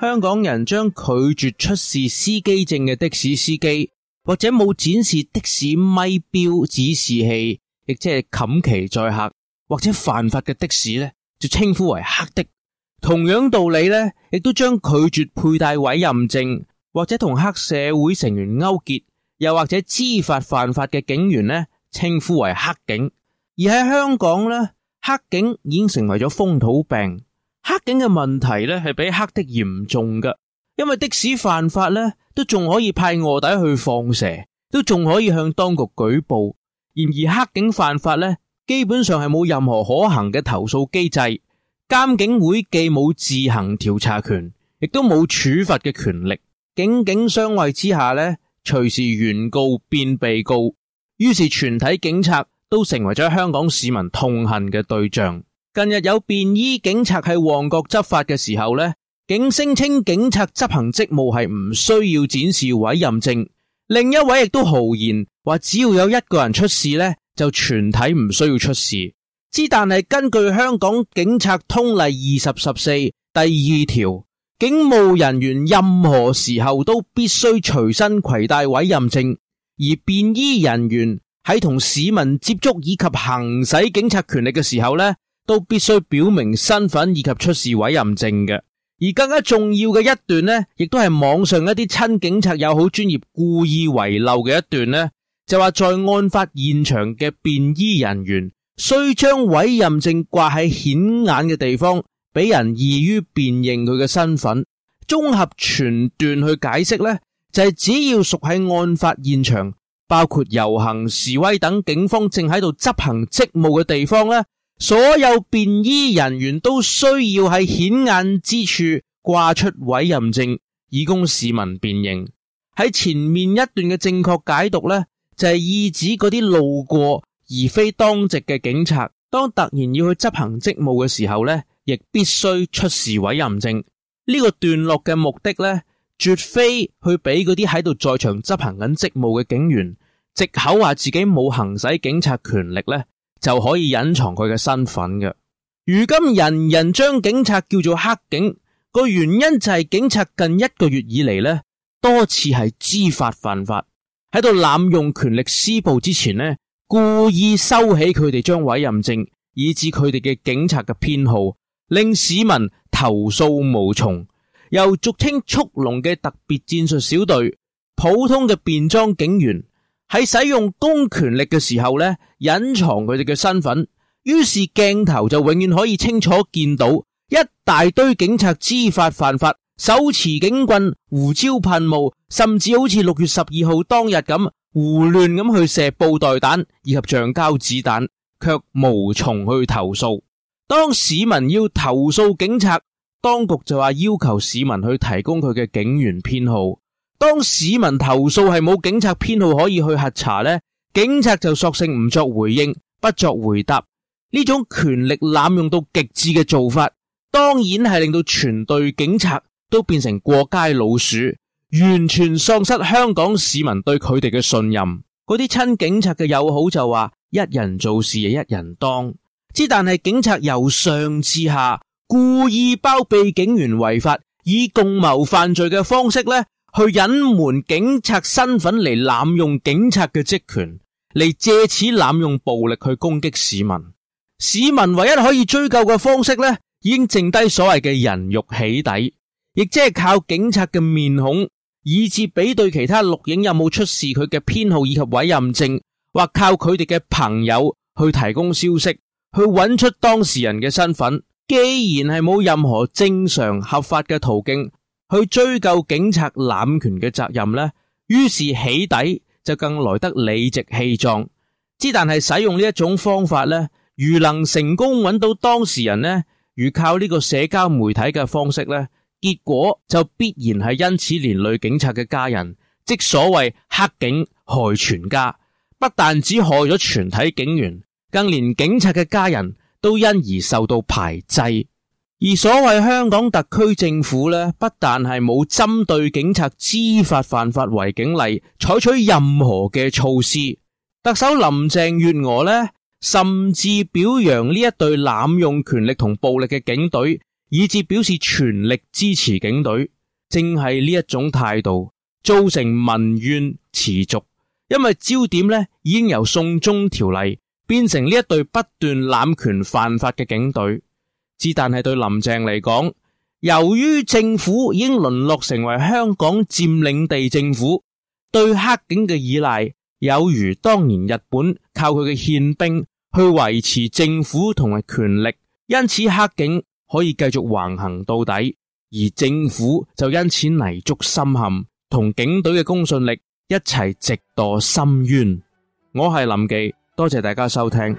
香港人將拒絕出示司機證嘅的士司機，或者冇展示的士咪表指示器，亦即係冚其載客或者犯法嘅的士呢，就稱呼為黑的。同樣道理呢，亦都將拒絕佩戴委任證或者同黑社會成員勾結，又或者知法犯法嘅警員呢，稱呼為黑警。而喺香港呢，「黑警」已經成為咗風土病。黑警嘅問題呢係比黑的嚴重噶因為的士犯法呢都仲可以派臥底去放蛇，都仲可以向當局舉報。然而黑警犯法呢基本上係冇任何可行嘅投訴機制，監警會既冇自行調查權，亦都冇處罰嘅權力。警警相畏之下呢，隨時原告變被告，於是全體警察都成為咗香港市民痛恨嘅對象。近日有便衣警察喺旺角執法嘅時候呢，警聲稱警察執行職務係唔需要展示委任證。另一位亦都豪言話，只要有一個人出事呢，就全體唔需要出示。之但係根據香港警察通例二十十四第二條，警務人員任何時候都必須隨身攜帶委任證。而便衣人員喺同市民接觸以及行使警察權力嘅時候呢，都必須表明身份以及出示委任證嘅，而更加重要嘅一段呢，亦都係網上一啲親警察友好專業故意遺漏嘅一段呢，就話在案發現場嘅便衣人員需將委任證掛喺顯眼嘅地方，俾人易於辨認佢嘅身份。綜合全段去解釋呢，就係只要屬喺案發現場，包括遊行示威等，警方正喺度執行職務嘅地方呢。所有便衣人員都需要喺顯眼之處掛出委任證，以供市民辨認。喺前面一段嘅正確解讀呢，就係、是、意指嗰啲路過而非當值嘅警察，當突然要去執行職務嘅時候呢，亦必須出示委任證。呢、這個段落嘅目的呢，絕非去俾嗰啲喺度在場執行緊職務嘅警員藉口話自己冇行使警察權力呢。就可以隱藏佢嘅身份嘅。如今人人將警察叫做黑警，個原因就係警察近一個月以嚟呢，多次係知法犯法，喺度濫用權力施暴之前呢，故意收起佢哋張委任證，以致佢哋嘅警察嘅編號令市民投訴無從。又俗稱速龍嘅特別戰術小隊，普通嘅便裝警員。喺使用公權力嘅時候呢，隱藏佢哋嘅身份，於是鏡頭就永遠可以清楚見到一大堆警察知法犯法，手持警棍、胡椒噴霧，甚至好似六月十二號當日咁胡亂咁去射布袋彈以及橡膠子彈，卻無從去投訴。當市民要投訴警察，當局就話要求市民去提供佢嘅警員編號。當市民投訴係冇警察編號可以去核查呢，警察就索性唔作回應，不作回答。呢種權力濫用到極致嘅做法，當然係令到全隊警察都變成過街老鼠，完全喪失香港市民對佢哋嘅信任。嗰啲親警察嘅友好就話：一人做事一人當。之但係警察由上至下故意包庇警員違法，以共謀犯罪嘅方式呢。去隱瞞警察身份嚟濫用警察嘅職權，嚟借此濫用暴力去攻擊市民。市民唯一可以追究嘅方式呢，已經剩低所謂嘅人肉起底，亦即係靠警察嘅面孔，以至比對其他錄影有冇出示佢嘅編號以及委任證，或靠佢哋嘅朋友去提供消息，去揾出當事人嘅身份。既然係冇任何正常合法嘅途徑。去追究警察濫權嘅責任呢，於是起底就更來得理直氣壯。之但係使用呢一種方法呢，如能成功揾到當事人呢，如靠呢個社交媒體嘅方式呢，結果就必然係因此連累警察嘅家人，即所謂黑警害全家。不但只害咗全體警員，更連警察嘅家人都因而受到排擠。而所謂香港特區政府呢，不但係冇針對警察知法犯法為警例，採取任何嘅措施，特首林鄭月娥呢，甚至表揚呢一隊濫用權力同暴力嘅警隊，以致表示全力支持警隊，正係呢一種態度造成民怨持續。因為焦點呢已經由送中條例變成呢一隊不斷濫權犯法嘅警隊。之，但係對林鄭嚟講，由於政府已經淪落成為香港佔領地政府，對黑警嘅依賴有如當年日本靠佢嘅憲兵去維持政府同埋權力，因此黑警可以繼續橫行到底，而政府就因此泥足深陷，同警隊嘅公信力一齊直墮深淵。我係林忌，多謝大家收聽。